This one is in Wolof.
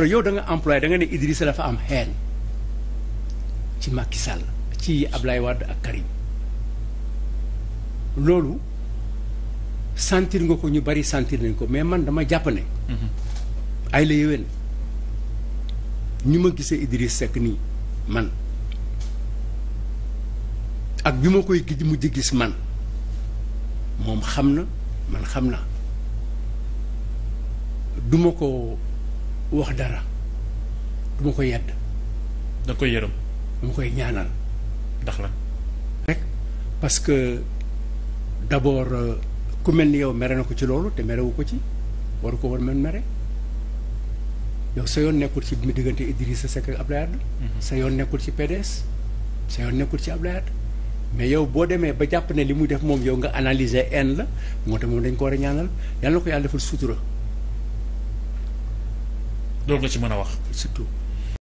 alors yow da nga employé da ne Idrissa dafa am xeen ci Macky Sall ci Ablaye Wade ak Karim loolu santiir nga ko ñu bari santiir nañ ko mais man dama jàpp ne. Mhm. ay la yéwén ñu ma gisee Idrissa Seck nii man ak bi ma koy gis mujj gis man moom xam na man xam naa duma ko. wax dara du ko yedd da koy yërëm du koy ñaanal ndax la rek parce que d'abord euh, ku mel ni yow mere na ko ci loolu te merewu ko ci waru ko war mën mere yow sa yoon nekkul ci mi diggante sa Seck ak Abdoulaye Wade mm-hmm. sa yoon nekkul ci PDS sa yoon nekkul ci Abdoulaye Wade mais yow boo demee ba jàpp ne li muy def moom yow nga analyser haine la moo tax moom dañ ko war a ñaanal yàlla na ko yàlla defal sutura loolu nga ci mën a wax surtout